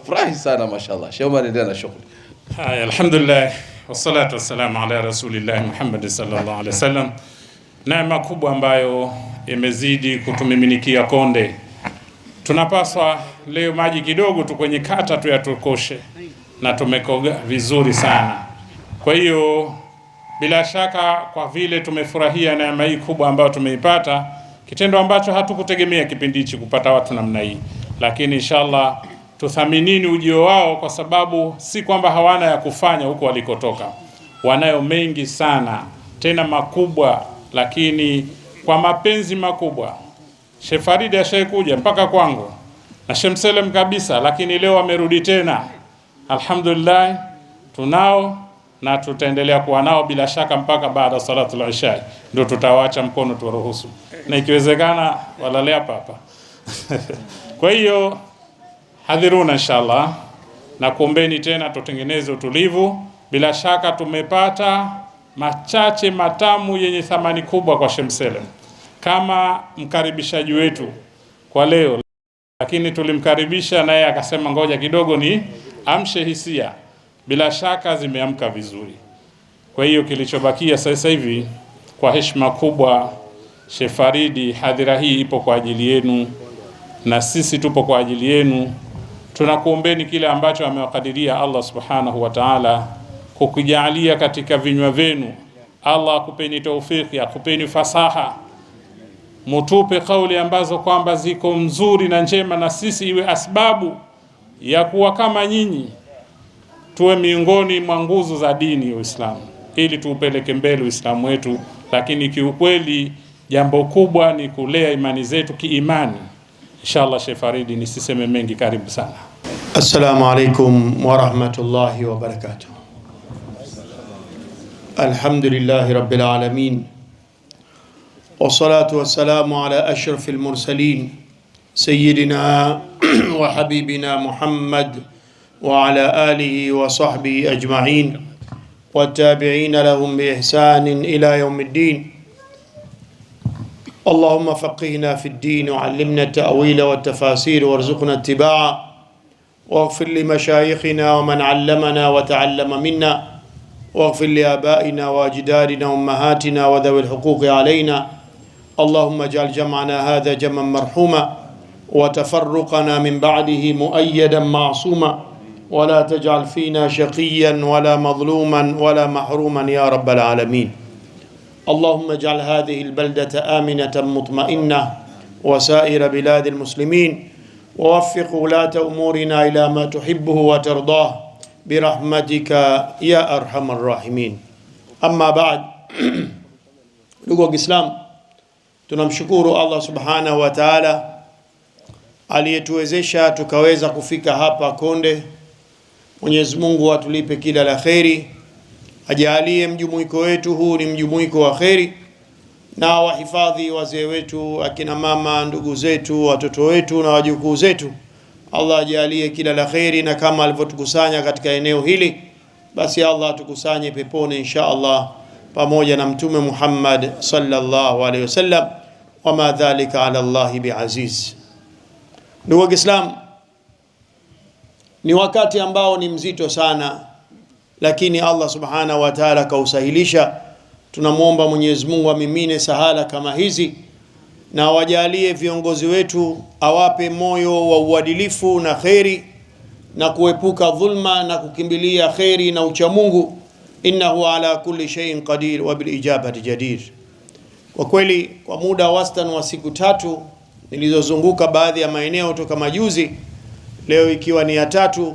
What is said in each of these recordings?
nafurahi sana mashallah. Sheikh Omar, endelea na shughuli. Haya, alhamdulillah wassalatu wassalamu ala rasulillah Muhammad sallallahu alaihi wasallam. Neema kubwa ambayo imezidi kutumiminikia konde, tunapaswa leo maji kidogo tu kwenye kata tu yatukoshe, na tumekoga vizuri sana. Kwa hiyo bila shaka, kwa vile tumefurahia neema hii kubwa ambayo tumeipata, kitendo ambacho hatukutegemea kipindi hichi kupata watu namna hii, lakini inshallah tuthaminini ujio wao, kwa sababu si kwamba hawana ya kufanya huko walikotoka, wanayo mengi sana tena makubwa, lakini kwa mapenzi makubwa. Sheikh Faridi ashaikuja mpaka kwangu na Shemselem kabisa, lakini leo amerudi tena. Alhamdulillah, tunao na tutaendelea kuwa nao bila shaka mpaka baada la isha, ndio tutawaacha mkono tuwaruhusu, na ikiwezekana walale hapa hapa. kwa hiyo hadhiruna inshallah, na kuombeni tena tutengeneze utulivu. Bila shaka tumepata machache matamu yenye thamani kubwa kwa Shemselem kama mkaribishaji wetu kwa leo, lakini tulimkaribisha naye akasema ngoja kidogo ni amshe hisia. Bila shaka zimeamka vizuri. Kwa hiyo kilichobakia sasa hivi, kwa heshima kubwa, Sheikh Faridi, hadhira hii ipo kwa ajili yenu na sisi tupo kwa ajili yenu. Tunakuombeni kile ambacho amewakadiria Allah subhanahu wa ta'ala kukujalia katika vinywa vyenu. Allah akupeni taufiki, akupeni fasaha, mutupe kauli ambazo kwamba ziko mzuri na njema, na sisi iwe asbabu ya kuwa kama nyinyi, tuwe miongoni mwa nguzo za dini ya Uislamu ili tuupeleke mbele Uislamu wetu. Lakini kiukweli jambo kubwa ni kulea imani zetu kiimani. Inshallah, Sheikh Faridi, nisiseme mengi, karibu sana. السلام عليكم ورحمة الله وبركاته الحمد لله رب العالمين والصلاة والسلام على أشرف المرسلين سيدنا وحبيبنا محمد وعلى آله وصحبه أجمعين والتابعين لهم بإحسان إلى يوم الدين اللهم فقهنا في الدين وعلمنا التأويل والتفاسير وارزقنا اتباعه واغفر لمشايخنا ومن علمنا وتعلم منا واغفر لآبائنا وأجدادنا وامهاتنا وذوي الحقوق علينا اللهم اجعل جمعنا هذا جمعا مرحوما وتفرقنا من بعده مؤيدا معصوما ولا تجعل فينا شقيا ولا مظلوما ولا محروما يا رب العالمين اللهم اجعل هذه البلدة آمنة مطمئنة وسائر بلاد المسلمين ووفق ولاة أمورنا إلى ما تحبه وترضاه برحمتك ya أرحم الراحمين أما بعد ndugu wa Kiislamu, tunamshukuru Allah subhanahu wa taala aliyetuwezesha tukaweza kufika hapa Konde. Mwenyezi Mungu atulipe kila la kheri, ajalie mjumuiko wetu huu ni mjumuiko wa kheri, na wahifadhi wazee wetu, akina mama, ndugu zetu, watoto wetu na wajukuu zetu. Allah ajalie kila la kheri, na kama alivyotukusanya katika eneo hili, basi Allah atukusanye peponi insha Allah pamoja na Mtume Muhammad sallallahu alaihi wasallam. Wama dhalika ala llahi biaziz. Ndugu wa Kiislamu, ni wakati ambao ni mzito sana, lakini Allah subhanahu wa ta'ala kausahilisha Tunamwomba Mwenyezi Mungu amimine sahala kama hizi na awajalie viongozi wetu, awape moyo wa uadilifu na kheri na kuepuka dhulma na kukimbilia kheri na uchamungu, innahu ala kulli shay'in qadir wa bil ijabati jadir. Kwa kweli kwa muda wastani wa siku tatu nilizozunguka baadhi ya maeneo toka majuzi, leo ikiwa ni ya tatu,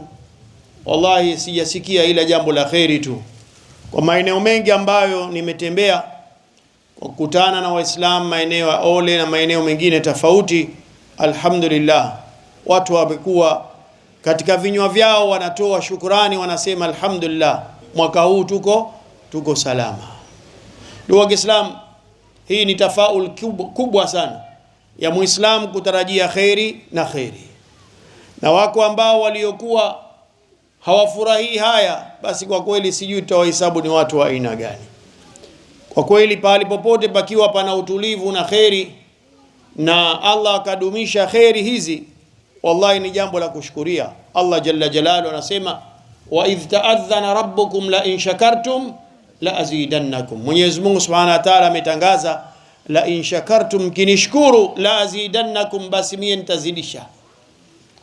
wallahi sijasikia ila jambo la kheri tu. Kwa maeneo mengi ambayo nimetembea kwa kukutana na Waislamu maeneo ya Ole na maeneo mengine tofauti, alhamdulillah, watu wamekuwa katika vinywa vyao wanatoa shukurani, wanasema alhamdulillah, mwaka huu tuko tuko salama. Ndugu wa Kiislamu, hii ni tafaul kubwa sana ya Muislamu kutarajia kheri na kheri, na wako ambao waliokuwa hawafurahii haya basi kwa kweli sijui tutawahesabu ni watu wa aina gani. Kwa kweli pahali popote pakiwa pana utulivu na kheri na Allah akadumisha kheri hizi, wallahi ni jambo la kushukuria. Allah jalla jalalu anasema wa idh taadhana rabbukum la in shakartum la azidannakum, Mwenyezi Mungu subhanahu wa ta'ala ametangaza la in shakartum, kinishkuru la azidannakum, basi mie nitazidisha.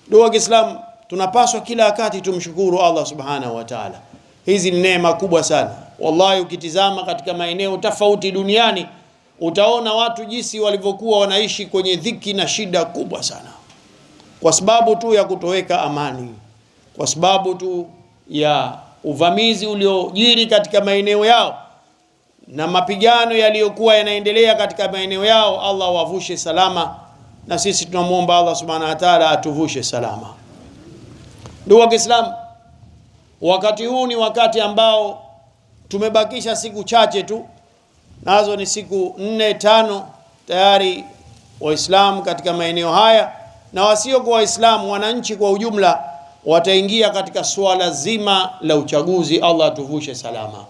Ndugu wa Kiislamu, tunapaswa kila wakati tumshukuru Allah subhanahu wa ta'ala. Hizi ni neema kubwa sana wallahi. Ukitizama katika maeneo tofauti duniani utaona watu jinsi walivyokuwa wanaishi kwenye dhiki na shida kubwa sana, kwa sababu tu ya kutoweka amani, kwa sababu tu ya uvamizi uliojiri katika maeneo yao na mapigano yaliyokuwa yanaendelea katika maeneo yao. Allah wavushe salama, na sisi tunamwomba Allah subhanahu wa ta'ala atuvushe salama, ndugu wa Kiislamu. Wakati huu ni wakati ambao tumebakisha siku chache tu, nazo ni siku nne tano, tayari Waislamu katika maeneo haya na wasiokuwa Waislamu, wananchi kwa ujumla wataingia katika suala zima la uchaguzi. Allah atuvushe salama.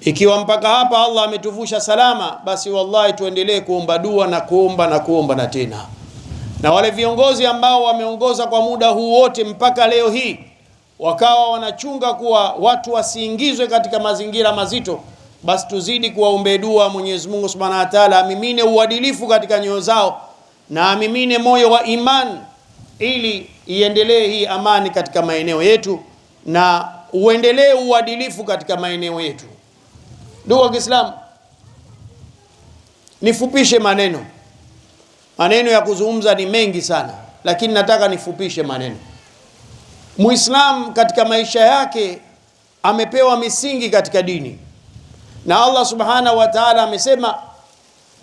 Ikiwa mpaka hapa Allah ametuvusha salama, basi wallahi tuendelee kuomba dua na kuomba na kuomba na tena, na wale viongozi ambao wameongoza kwa muda huu wote mpaka leo hii wakawa wanachunga kuwa watu wasiingizwe katika mazingira mazito, basi tuzidi kuwaombe dua Mwenyezi Mungu Subhanahu wa Ta'ala, amimine uadilifu katika nyoyo zao na amimine moyo wa imani, ili iendelee hii amani katika maeneo yetu na uendelee uadilifu katika maeneo yetu. Ndugu wa Kiislamu, nifupishe maneno. Maneno ya kuzungumza ni mengi sana, lakini nataka nifupishe maneno. Muislamu katika maisha yake amepewa misingi katika dini, na Allah subhanahu wa ta'ala amesema,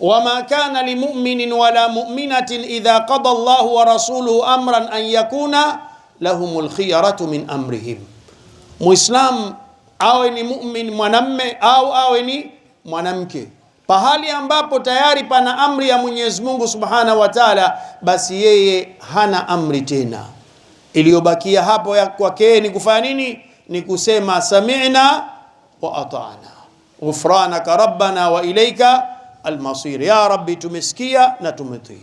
wama kana limuminin wala muminatin idha qada Allahu wa rasuluhu amran an yakuna lahumul khiyaratu min amrihim. Muislamu awe ni mumin mwanamme au awe ni mwanamke, pahali ambapo tayari pana amri ya Mwenyezi Mungu subhanahu wa ta'ala, basi yeye hana amri tena iliyobakia hapo ya ni kufanya nini? Ni kusema sami'na wa ata'na ghufranaka rabbana wa ilaika almasir, ya rabbi, tumesikia na tumetii.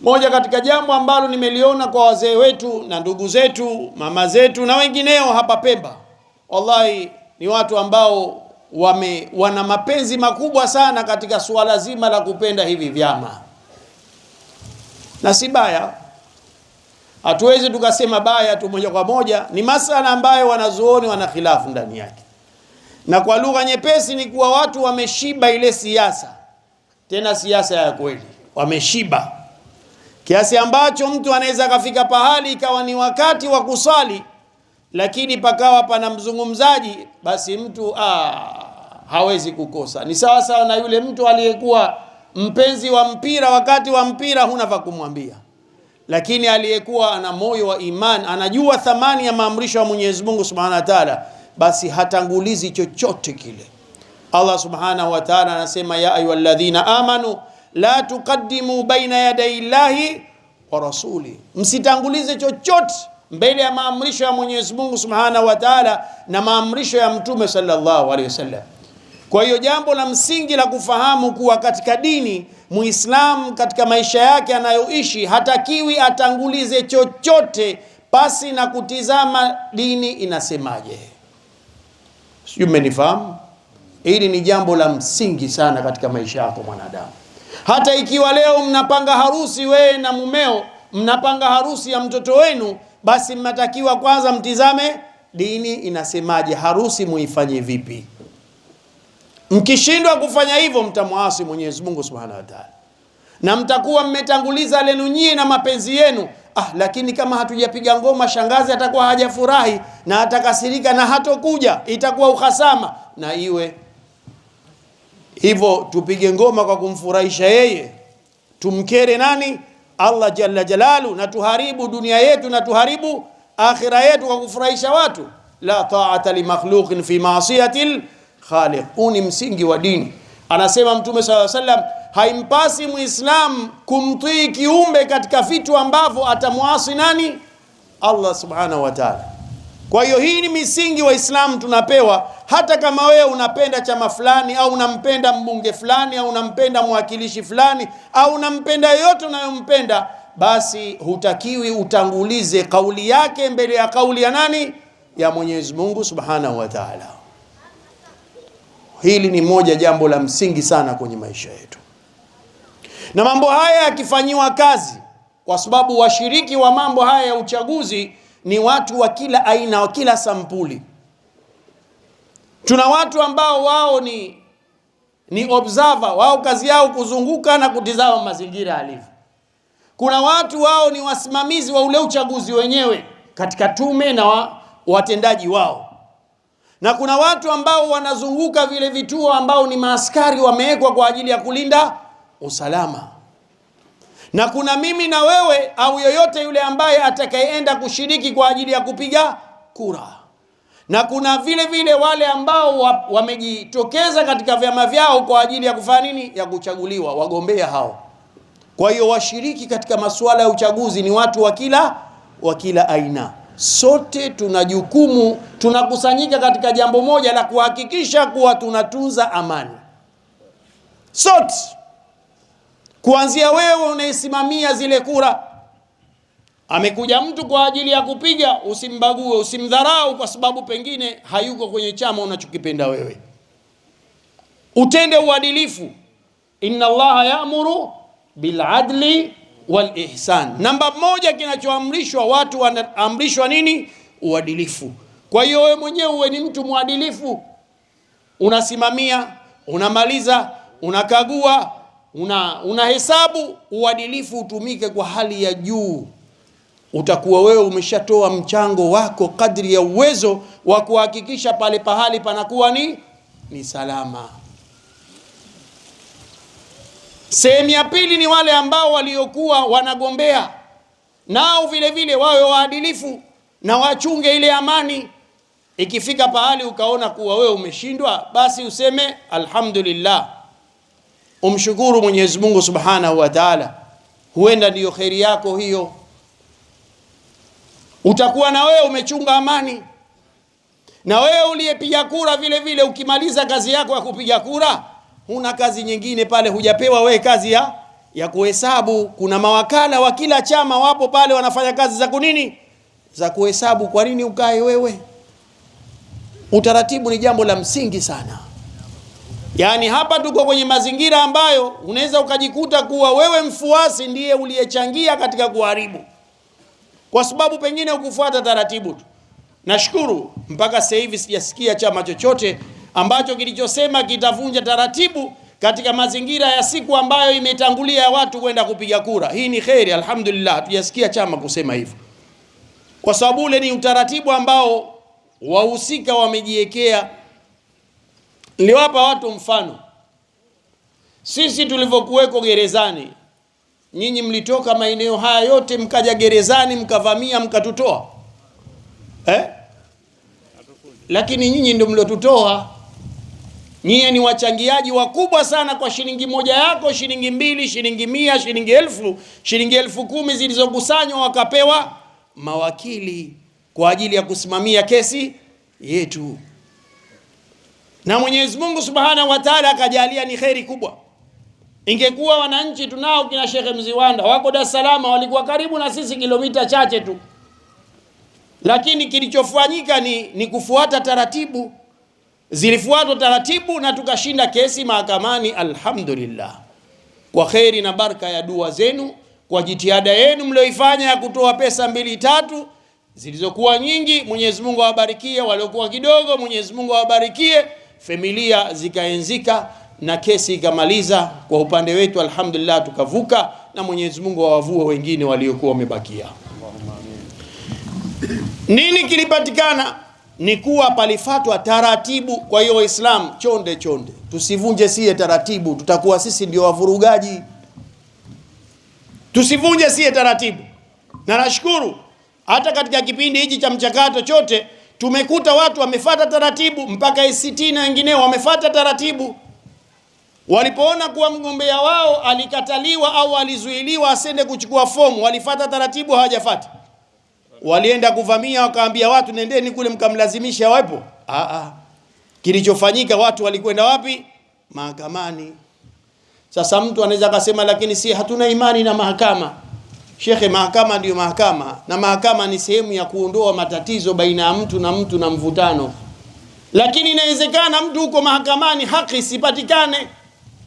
Moja katika jambo ambalo nimeliona kwa wazee wetu na ndugu zetu, mama zetu na wengineo hapa Pemba, wallahi ni watu ambao wame, wana mapenzi makubwa sana katika suala zima la kupenda hivi vyama na si baya Hatuwezi tukasema baya tu moja kwa moja, ni masala ambayo wanazuoni wana khilafu ndani yake, na kwa lugha nyepesi ni kuwa watu wameshiba ile siasa, tena siasa ya kweli, wameshiba kiasi ambacho mtu anaweza akafika pahali ikawa ni wakati wa kuswali, lakini pakawa pana mzungumzaji, basi mtu aa, ah, hawezi kukosa. Ni sawa sawa na yule mtu aliyekuwa mpenzi wa mpira, wakati wa mpira huna pa kumwambia lakini aliyekuwa ana moyo wa iman anajua thamani ya maamrisho ya Mwenyezi Mungu Subhanahu wa Ta'ala, basi hatangulizi chochote kile. Allah Subhanahu wa Ta'ala anasema, ya ayyuhalladhina amanu la tuqaddimu baina yaday llahi wa rasuli, msitangulize chochote mbele ya maamrisho ya Mwenyezi Mungu Subhanahu wa Ta'ala na maamrisho ya mtume sallallahu alaihi wasallam. Kwa hiyo jambo la msingi la kufahamu kuwa katika dini, Muislamu katika maisha yake anayoishi hatakiwi atangulize chochote pasi na kutizama dini inasemaje. Sijui mmenifahamu? Hili ni jambo la msingi sana katika maisha yako mwanadamu. Hata ikiwa leo mnapanga harusi, wewe na mumeo mnapanga harusi ya mtoto wenu, basi mnatakiwa kwanza mtizame dini inasemaje, harusi muifanye vipi. Mkishindwa kufanya hivyo, mtamwasi Mwenyezi Mungu Subhanahu wa Ta'ala, na mtakuwa mmetanguliza lenu nyie na mapenzi yenu. Ah, lakini kama hatujapiga ngoma, shangazi atakuwa hajafurahi na atakasirika na hatokuja, itakuwa uhasama na iwe hivyo. Tupige ngoma kwa kumfurahisha yeye, tumkere nani? Allah jalla jalalu, na tuharibu dunia yetu na tuharibu akhira yetu kwa kufurahisha watu. la ta'ata li makhluqin fi ma'siyatil Khaliq. Huu ni msingi wa dini. Anasema Mtume sallallahu alaihi wasallam, haimpasi muislamu kumtii kiumbe katika vitu ambavyo atamwasi nani? Allah subhanahu wa ta'ala. Kwa hiyo hii ni misingi Waislamu tunapewa. Hata kama wewe unapenda chama fulani au unampenda mbunge fulani au unampenda mwakilishi fulani au unampenda yoyote unayompenda, basi hutakiwi utangulize kauli yake mbele ya kauli ya nani? Ya Mwenyezi Mungu subhanahu wa ta'ala. Hili ni moja jambo la msingi sana kwenye maisha yetu, na mambo haya yakifanyiwa kazi, kwa sababu washiriki wa mambo haya ya uchaguzi ni watu wa kila aina, wa kila sampuli. Tuna watu ambao wao ni ni observer, wao kazi yao kuzunguka na kutizama mazingira yalivyo. Kuna watu wao ni wasimamizi wa ule uchaguzi wenyewe katika tume na wa, watendaji wao na kuna watu ambao wanazunguka vile vituo ambao ni maaskari wamewekwa kwa ajili ya kulinda usalama, na kuna mimi na wewe au yoyote yule ambaye atakayeenda kushiriki kwa ajili ya kupiga kura, na kuna vile vile wale ambao wamejitokeza katika vyama vyao kwa ajili ya kufanya nini, ya kuchaguliwa wagombea hao. Kwa hiyo washiriki katika masuala ya uchaguzi ni watu wa kila wa kila aina sote tuna jukumu, tunakusanyika katika jambo moja la kuhakikisha kuwa tunatunza amani sote, kuanzia wewe unaisimamia zile kura. Amekuja mtu kwa ajili ya kupiga, usimbague, usimdharau kwa sababu pengine hayuko kwenye chama unachokipenda wewe. Utende uadilifu, inna Allaha ya'muru biladli wal ihsan. Namba moja, kinachoamrishwa watu wanaamrishwa nini? Uadilifu. Kwa hiyo wewe mwenyewe uwe ni mtu mwadilifu, unasimamia, unamaliza, unakagua, una unahesabu. Uadilifu utumike kwa hali ya juu, utakuwa wewe umeshatoa mchango wako kadri ya uwezo wa kuhakikisha pale pahali panakuwa ni ni salama. Sehemu ya pili ni wale ambao waliokuwa wanagombea nao vile vile wawe waadilifu na wachunge ile amani. Ikifika pahali ukaona kuwa wewe umeshindwa, basi useme alhamdulillah, umshukuru Mwenyezi Mungu Subhanahu wa Ta'ala, huenda ndiyo kheri yako hiyo. Utakuwa na wewe umechunga amani. Na wewe uliyepiga kura vile vile, ukimaliza kazi yako ya kupiga kura huna kazi nyingine pale, hujapewa we kazi ya ya kuhesabu. Kuna mawakala wa kila chama wapo pale, wanafanya kazi za kunini, za kuhesabu. Kwa nini ukae wewe? Utaratibu ni jambo la msingi sana. Yaani hapa tuko kwenye mazingira ambayo unaweza ukajikuta kuwa wewe mfuasi ndiye uliyechangia katika kuharibu, kwa sababu pengine ukufuata taratibu tu. Nashukuru mpaka sasa hivi sijasikia chama chochote ambacho kilichosema kitavunja taratibu katika mazingira ya siku ambayo imetangulia ya watu kwenda kupiga kura. Hii ni kheri, alhamdulillah. Hatujasikia chama kusema hivyo, kwa sababu ule ni utaratibu ambao wahusika wamejiwekea. Niliwapa watu mfano, sisi tulivyokuweko gerezani, nyinyi mlitoka maeneo haya yote mkaja gerezani, mkavamia, mkatutoa eh? Lakini nyinyi ndio mliotutoa Nyie ni wachangiaji wakubwa sana kwa shilingi moja yako, shilingi mbili, shilingi mia, shilingi elfu, shilingi elfu kumi zilizokusanywa wakapewa mawakili kwa ajili ya kusimamia kesi yetu, na Mwenyezi Mungu Subhanahu wa Ta'ala akajalia ni kheri kubwa. Ingekuwa wananchi tunao kina Shekhe Mziwanda wako Dar es Salaam, walikuwa karibu na sisi kilomita chache tu, lakini kilichofanyika ni, ni kufuata taratibu zilifuatwa taratibu na tukashinda kesi mahakamani, alhamdulillah, kwa kheri na baraka ya dua zenu, kwa jitihada yenu mlioifanya ya kutoa pesa mbili tatu zilizokuwa nyingi, Mwenyezi Mungu awabarikie, waliokuwa kidogo, Mwenyezi Mungu awabarikie, familia zikaenzika na kesi ikamaliza. Kwa upande wetu alhamdulillah, tukavuka, na Mwenyezi Mungu awavue wengine waliokuwa wamebakia. Nini kilipatikana? ni kuwa palifatwa taratibu. Kwa hiyo Waislamu chonde chonde, tusivunje siye taratibu, tutakuwa sisi ndio wavurugaji. Tusivunje siye taratibu, na nashukuru hata katika kipindi hichi cha mchakato chote tumekuta watu wamefata taratibu mpaka ACT na wengineo wamefata taratibu. Walipoona kuwa mgombea wao alikataliwa au alizuiliwa asende kuchukua fomu, walifata taratibu, hawajafata walienda kuvamia, wakaambia watu nendeni kule mkamlazimisha awepo. Ah, ah. Kilichofanyika watu walikwenda wapi? Mahakamani. Sasa mtu anaweza akasema, lakini si hatuna imani na mahakama. Shekhe, mahakama ndio mahakama, na mahakama ni sehemu ya kuondoa matatizo baina ya mtu na mtu na mvutano. Lakini inawezekana mtu huko mahakamani haki isipatikane.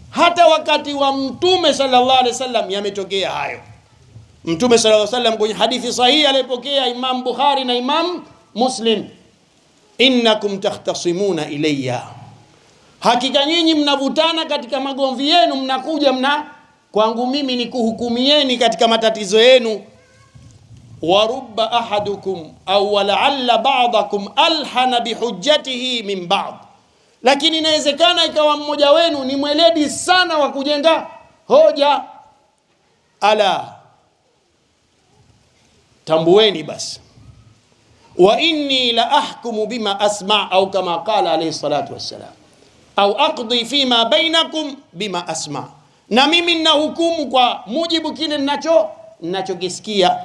Hata wakati wa Mtume sallallahu alaihi wasallam yametokea hayo. Mtume sallallahu alaihi wasallam kwenye hadithi sahihi aliyopokea Imam Bukhari na Imam Muslim, innakum takhtasimuna ilayya, hakika nyinyi mnavutana katika magomvi yenu, mnakuja mna kwangu mimi nikuhukumieni katika matatizo yenu. Wa rubba ahadukum au walaalla ba'dakum alhana bihujjatihi min ba'd, lakini inawezekana ikawa mmoja wenu ni mweledi sana wa kujenga hoja ala tambueni basi, wa inni la ahkumu bima asma, au kama qala alayhi salatu wassalam, au aqdi ma bainakum bima asma, na mimi ninahukumu kwa mujibu kile ninacho ninachokisikia.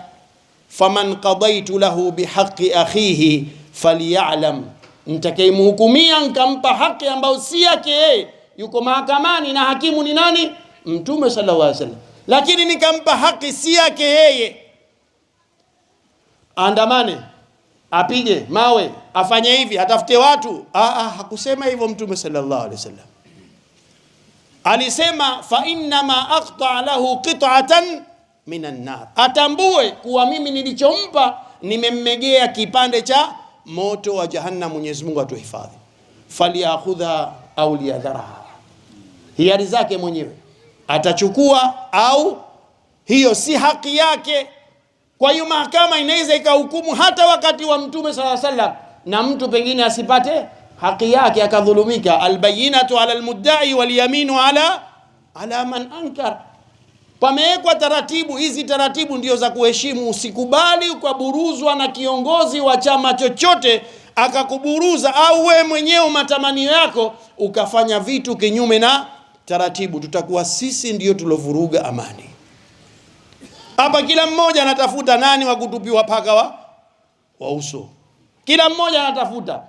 Faman qadaitu lahu bihaqi akhihi falyalam, nitakayemhukumia nkampa haki ambayo si yake yeye, yuko mahakamani na hakimu ni nani? Mtume sallallahu alaihi wasallam. Lakini nikampa haki si yake yeye aandamane, apige mawe, afanye hivi, atafute watu. Aa, ah, ah, hakusema hivyo Mtume sallallahu alaihi wasallam. Alisema fa innama aqta lahu qit'atan minan nar, atambue kuwa mimi nilichompa nimemmegea kipande cha moto wa jahannam. Mwenyezi Mungu atuhifadhi. Faliakhudha au liyadharaha, hiari zake mwenyewe atachukua au hiyo si haki yake kwa hiyo mahakama inaweza ikahukumu hata wakati wa mtume sala sallam, na mtu pengine asipate haki yake akadhulumika. Albayinatu ala almuddai walyaminu ala ala man ankar. Pamewekwa taratibu hizi, taratibu ndio za kuheshimu. Usikubali ukaburuzwa na kiongozi wa chama chochote akakuburuza, au we mwenyewe matamanio yako ukafanya vitu kinyume na taratibu. Tutakuwa sisi ndio tulovuruga amani. Hapa kila mmoja anatafuta nani wa kutupiwa paka wa wa uso, kila mmoja anatafuta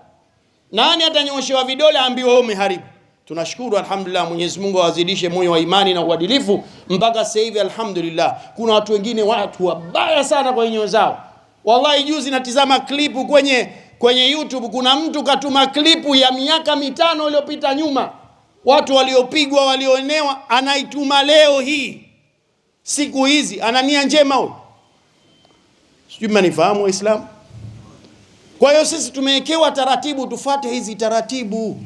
nani atanyoshewa vidole aambiwe wewe umeharibu. Tunashukuru alhamdulillah, Mwenyezi Mungu awazidishe moyo wa imani na uadilifu. Mpaka sasa hivi alhamdulillah, kuna watu wengine watu wabaya sana kwa nyoyo zao. Wallahi, juzi natizama klipu kwenye kwenye YouTube, kuna mtu katuma klipu ya miaka mitano iliyopita nyuma, watu waliopigwa walioenewa anaituma leo hii siku hizi ana nia njema huyo, sijui mnanifahamu Waislamu. Kwa hiyo sisi tumewekewa taratibu, tufate hizi taratibu.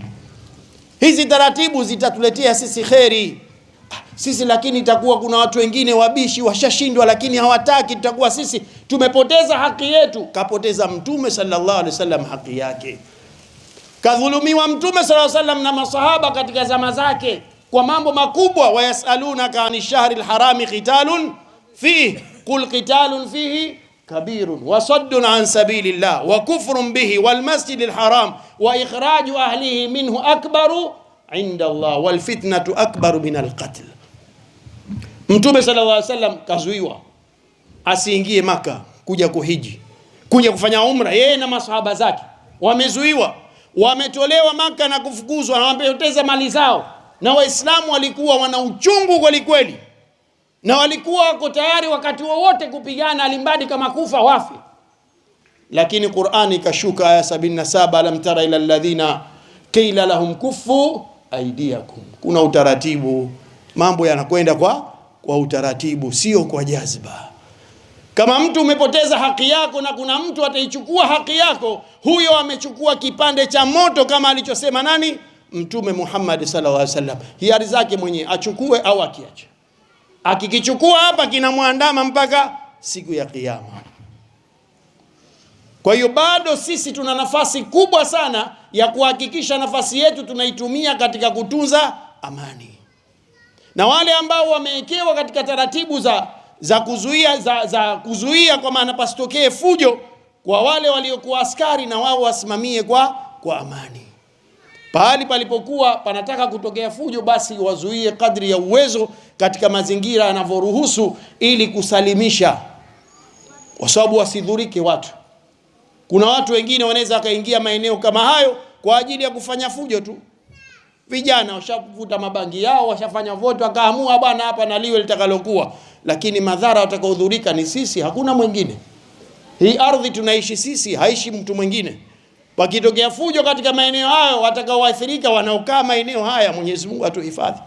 Hizi taratibu zitatuletea sisi kheri sisi, lakini itakuwa kuna watu wengine wabishi, washashindwa, lakini hawataki, tutakuwa sisi tumepoteza haki yetu. Kapoteza Mtume sallallahu alaihi wasallam haki yake, kadhulumiwa Mtume sallallahu alaihi wasallam na masahaba katika zama zake kwa mambo makubwa. Wayasalunaka ani shahri lharami qitalun fihi qul qitalun fihi kabirun wasaddun an sabili llah wa kufrun bihi walmasjidi lharam wa ikhraju ahlihi minhu akbaru inda Allah walfitnatu akbaru min alqatl. Mtume sallallahu alaihi sallam kazuiwa asiingie Maka kuja kuhiji kuja kufanya umra, yeye na masahaba zake wamezuiwa, wametolewa Maka na kufukuzwa, na wamepoteza mali zao na Waislamu walikuwa wana uchungu kweli kweli, na walikuwa wako tayari wakati wowote kupigana, alimbadi kama kufa wafe. Lakini Qur'ani ikashuka aya 77, alam tara ila alladhina qila lahum kufu aidiakum. Kuna utaratibu, mambo yanakwenda kwa kwa utaratibu, sio kwa jazba. Kama mtu umepoteza haki yako na kuna mtu ataichukua haki yako, huyo amechukua kipande cha moto, kama alichosema nani Mtume Muhammad sallallahu alaihi wasallam hiari zake mwenyewe achukue au akiache. Akikichukua hapa kinamwandama mpaka siku ya Kiyama. Kwa hiyo bado sisi tuna nafasi kubwa sana ya kuhakikisha nafasi yetu tunaitumia katika kutunza amani, na wale ambao wamewekewa katika taratibu za za kuzuia za, za kuzuia kwa maana pasitokee fujo kwa wale waliokuwa askari, na wao wasimamie kwa kwa amani. Pahali palipokuwa panataka kutokea fujo, basi wazuie kadri ya uwezo katika mazingira yanavyoruhusu, ili kusalimisha, kwa sababu wasidhurike watu. Kuna watu wengine wanaweza wakaingia maeneo kama hayo kwa ajili ya kufanya fujo tu. Vijana washavuta mabangi yao, washafanya voto, akaamua bwana, hapa na liwe litakalokuwa, lakini madhara watakaohudhurika ni sisi, hakuna mwingine. Hii ardhi tunaishi sisi, haishi mtu mwingine wakitokea fujo katika maeneo hayo, watakaoathirika wanaokaa maeneo haya, Mwenyezi Mungu atuhifadhi.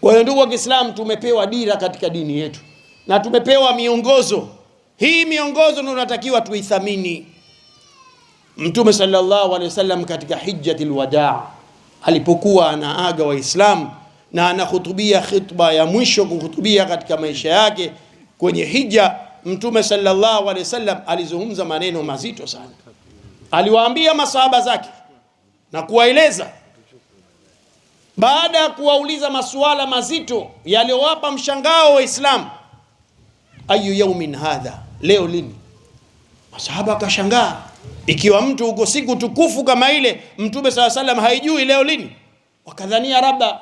Kwa hiyo, ndugu wa Kiislamu, tumepewa dira katika dini yetu na tumepewa miongozo. Hii miongozo ndio tunatakiwa tuithamini. Mtume sallallahu alaihi wasallam katika hijjatul wadaa alipokuwa anaaga Waislamu na anahutubia khutba ya mwisho kuhutubia katika maisha yake kwenye hija, Mtume sallallahu alaihi wasallam alizungumza maneno mazito sana aliwaambia masahaba zake na kuwaeleza baada ya kuwauliza masuala mazito yaliyowapa mshangao Waislamu, ayu yaumin hadha, leo lini? Masahaba akashangaa, ikiwa mtu uko siku tukufu kama ile Mtume saa salam haijui leo lini. Wakadhania labda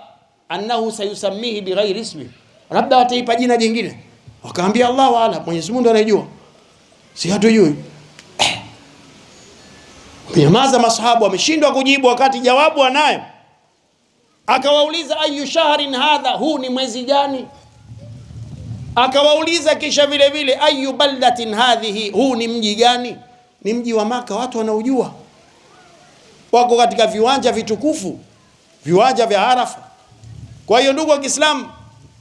annahu sayusamihi bighairi ismi, labda wataipa jina jingine. Wakaambia Allahu alam, Mwenyezi Mungu anajua, si hatujui. Kunyamaza masahabu wameshindwa kujibu, wakati jawabu anayo. Akawauliza ayu shahrin hadha, huu ni mwezi gani? Akawauliza kisha vile vile ayu baldatin hadhihi, huu ni mji gani? Ni mji wa Maka, watu wanaujua, wako katika viwanja vitukufu, viwanja vya Arafa. Kwa hiyo ndugu wa Kiislamu,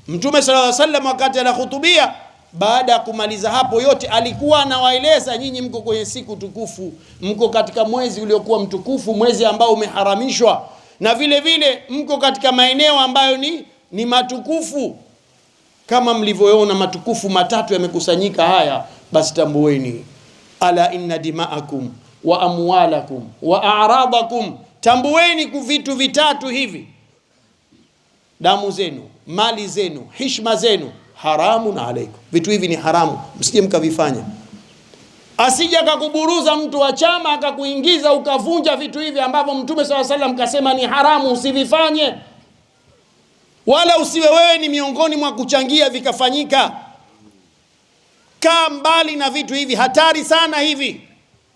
Mtume sallallahu alaihi wasallam wakati anahutubia baada ya kumaliza hapo yote, alikuwa anawaeleza nyinyi, mko kwenye siku tukufu, mko katika mwezi uliokuwa mtukufu, mwezi ambao umeharamishwa, na vile vile mko katika maeneo ambayo ni ni matukufu. Kama mlivyoona matukufu matatu yamekusanyika haya, basi tambueni, ala inna dimaakum wa amwalakum wa a'radakum, tambueni ku vitu vitatu hivi: damu zenu, mali zenu, hishma zenu haramun alaikum, vitu hivi ni haramu, msije mkavifanya. Asija akakuburuza mtu wa chama akakuingiza ukavunja vitu hivi ambavyo Mtume swalla sallam kasema ni haramu, usivifanye, wala usiwe wewe ni miongoni mwa kuchangia vikafanyika. Kaa mbali na vitu hivi, hatari sana hivi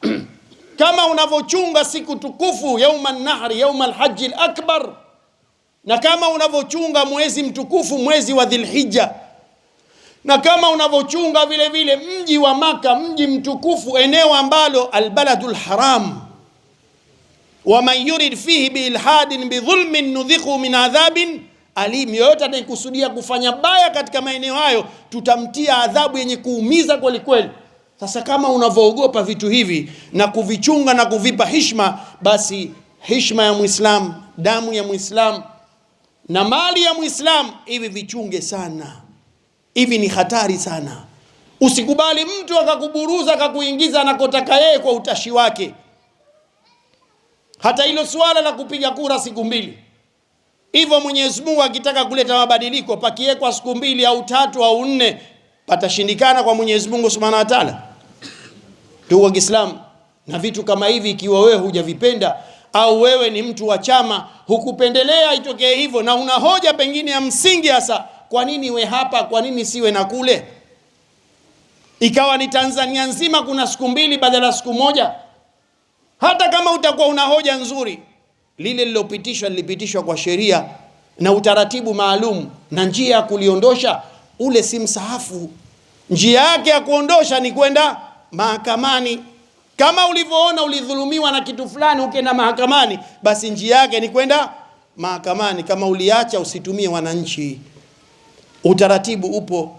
kama unavyochunga siku tukufu yauma nahri yauma lhaji lakbar na kama unavyochunga mwezi mtukufu mwezi wa Dhilhijja na kama unavyochunga vile vile mji wa Maka, mji mtukufu, eneo ambalo albaladul haram, wa man yurid fihi biilhadin bidhulmin nudhiku min adhabin alim, yoyote anayekusudia kufanya baya katika maeneo hayo tutamtia adhabu yenye kuumiza kweli kweli. Sasa kama unavyoogopa vitu hivi na kuvichunga na kuvipa hishma, basi hishma ya mwislam damu ya mwislam na mali ya mwislam hivi vichunge sana. Hivi ni hatari sana. Usikubali mtu akakuburuza akakuingiza anakotaka yeye kwa utashi wake. Hata hilo suala la kupiga kura siku mbili hivyo, Mwenyezi Mungu akitaka kuleta mabadiliko, pakiwekwa siku mbili au tatu au nne, patashindikana kwa Mwenyezi Mungu Subhanahu wa Ta'ala. Ndugu wa Kiislamu, na vitu kama hivi ikiwa wewe hujavipenda au wewe ni mtu wa chama hukupendelea itokee hivyo, na una hoja pengine ya msingi hasa kwa nini we hapa? Kwa nini siwe na kule? Ikawa ni Tanzania nzima kuna siku mbili badala ya siku moja. Hata kama utakuwa una hoja nzuri, lile lilopitishwa lilipitishwa kwa sheria na utaratibu maalum na njia ya kuliondosha ule si msahafu. Njia yake ya kuondosha ni kwenda mahakamani. Kama ulivyoona ulidhulumiwa na kitu fulani, ukienda mahakamani, basi njia yake ni kwenda mahakamani. Kama uliacha, usitumie wananchi. Utaratibu upo.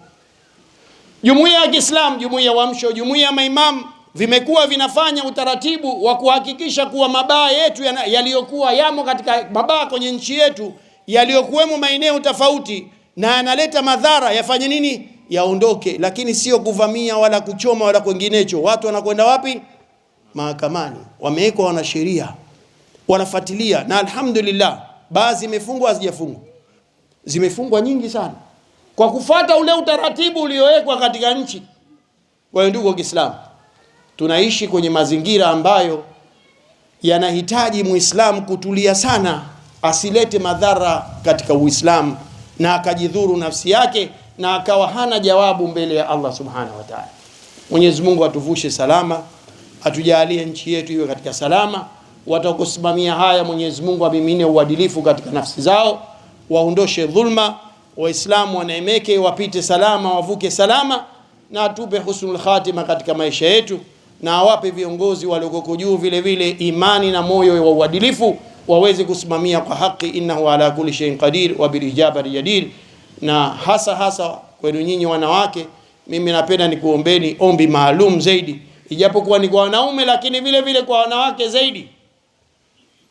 Jumuiya ya Kiislamu, jumuiya Uamsho, jumuiya ya maimam vimekuwa vinafanya utaratibu wa kuhakikisha kuwa mabaa yetu yaliyokuwa yamo katika mabaa kwenye nchi yetu yaliyokuwemo maeneo tofauti na yanaleta madhara yafanye nini? Yaondoke, lakini sio kuvamia wala kuchoma wala kwenginecho. Watu wanakwenda wapi? Mahakamani. Wamewekwa wanasheria, wanafuatilia, na alhamdulillah, baadhi zimefungwa, hazijafungwa, zimefungwa nyingi sana kwa kufata ule utaratibu uliowekwa katika nchi. Kwa ndugu wa Kiislamu, tunaishi kwenye mazingira ambayo yanahitaji Muislamu kutulia sana, asilete madhara katika Uislamu na akajidhuru nafsi yake na akawa hana jawabu mbele ya Allah Subhanahu wa Ta'ala. Mwenyezi Mungu atuvushe salama, atujalie nchi yetu iwe katika salama. Watakusimamia haya, Mwenyezi Mungu amimine uadilifu katika nafsi zao, waondoshe dhulma Waislamu waneemeke, wapite salama, wavuke salama, na atupe husnul khatima katika maisha yetu, na awape viongozi walioko juu vile vile imani na moyo wa uadilifu, waweze kusimamia kwa haki. Innahu ala kulli shay'in qadir wa bil ijabati jadir. Na hasa hasa kwenu nyinyi wanawake, mimi napenda nikuombeni ombi maalum zaidi, ijapokuwa ni kwa wanaume, lakini vile vile kwa wanawake zaidi.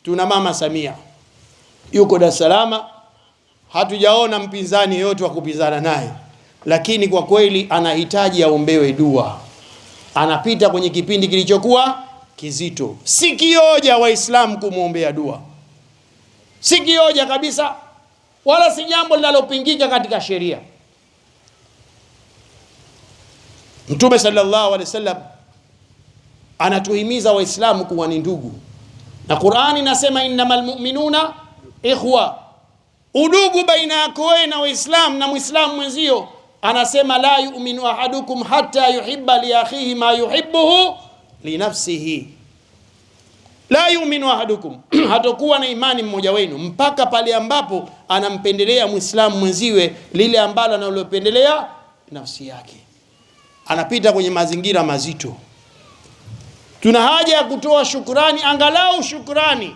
Tuna mama Samia yuko Dar es Salaam hatujaona mpinzani yeyote wa kupinzana naye, lakini kwa kweli anahitaji aombewe dua. Anapita kwenye kipindi kilichokuwa kizito, sikioja Waislamu kumwombea dua, sikioja kabisa, wala si jambo linalopingika katika sheria. Mtume sallallahu alaihi wasallam anatuhimiza Waislamu kuwa ni ndugu, na Qur'ani inasema innamal mu'minuna ikhwa udugu baina yako wewe na Waislamu na Muislamu mwenzio. Anasema la yu'minu ahadukum hatta yuhibba li akhihi ma yuhibbuhu li nafsihi, la yu'minu ahadukum, hatakuwa na imani mmoja wenu mpaka pale ambapo anampendelea Muislamu mwenziwe lile ambalo analopendelea nafsi yake. Anapita kwenye mazingira mazito, tuna haja ya kutoa shukurani, angalau shukurani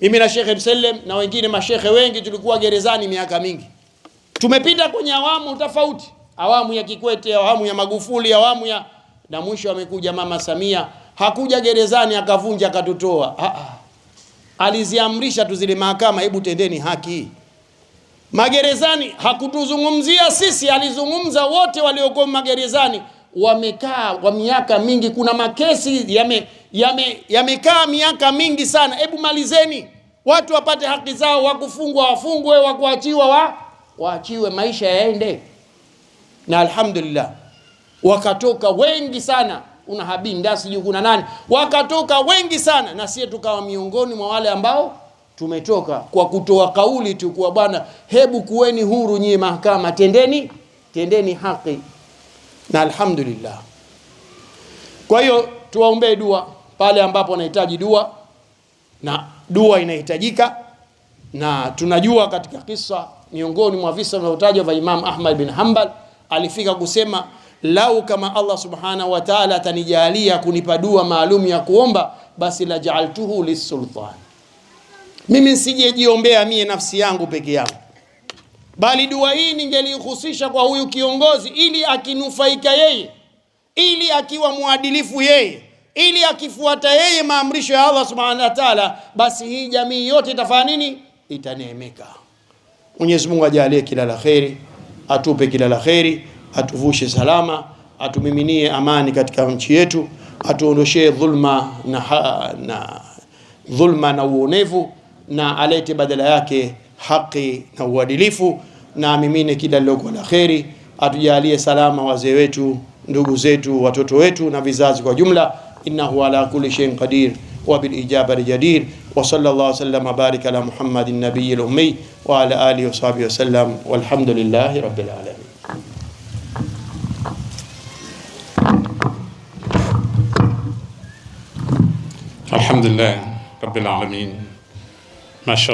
mimi na Sheikh Mselem na wengine mashehe wengi tulikuwa gerezani miaka mingi. Tumepita kwenye awamu tofauti, awamu ya Kikwete, awamu ya Magufuli, awamu ya na mwisho amekuja Mama Samia. Hakuja gerezani akavunja akatutoa. Ah ah. Aliziamrisha tu zile mahakama, hebu tendeni haki. Magerezani hakutuzungumzia sisi, alizungumza wote waliokuwa magerezani wamekaa kwa miaka mingi, kuna makesi yamekaa yame, yamekaa miaka mingi sana. Hebu malizeni watu wapate haki zao, wakufungwa wafungwe, wakuachiwa wa waachiwe, maisha yaende. Na alhamdulillah wakatoka wengi sana, una Habinda sijui kuna nani, wakatoka wengi sana, na sie tukawa miongoni mwa wale ambao tumetoka kwa kutoa kauli tu, kwa bwana, hebu kuweni huru nyie mahakama, tendeni tendeni haki na alhamdulillah. Kwa hiyo tuwaombee dua pale ambapo wanahitaji dua na dua inahitajika, na tunajua katika kisa, miongoni mwa visa vinavyotajwa vya Imam Ahmad bin Hanbal, alifika kusema lau kama Allah subhanahu wa ta'ala atanijalia kunipa dua maalum ya kuomba, basi la jaaltuhu lisultan, mimi nsijejiombea mie nafsi yangu peke yangu bali dua hii ningelihusisha kwa huyu kiongozi, ili akinufaika yeye, ili akiwa mwadilifu yeye, ili akifuata yeye maamrisho ya Allah subhanahu wa ta'ala, basi hii jamii yote itafanya nini? Itaneemeka. Mwenyezi Mungu ajalie kila la kheri, atupe kila la kheri, atuvushe salama, atumiminie amani katika nchi yetu, atuondoshee dhulma na, na, dhulma na uonevu, na alete badala yake haki na uadilifu, na amimine kila lilokuwa la kheri, atujalie salama wazee wetu, ndugu zetu, watoto wetu na vizazi kwa jumla. Innahu ala kulli shay'in qadir wa bil ijabati jadir wa sallallahu sallama barika ala Muhammadin nabiyil ummi wa ala alihi wa sahbihi wasallam walhamdulillahi rabbil alamin. Alhamdulillah rabbil alamin.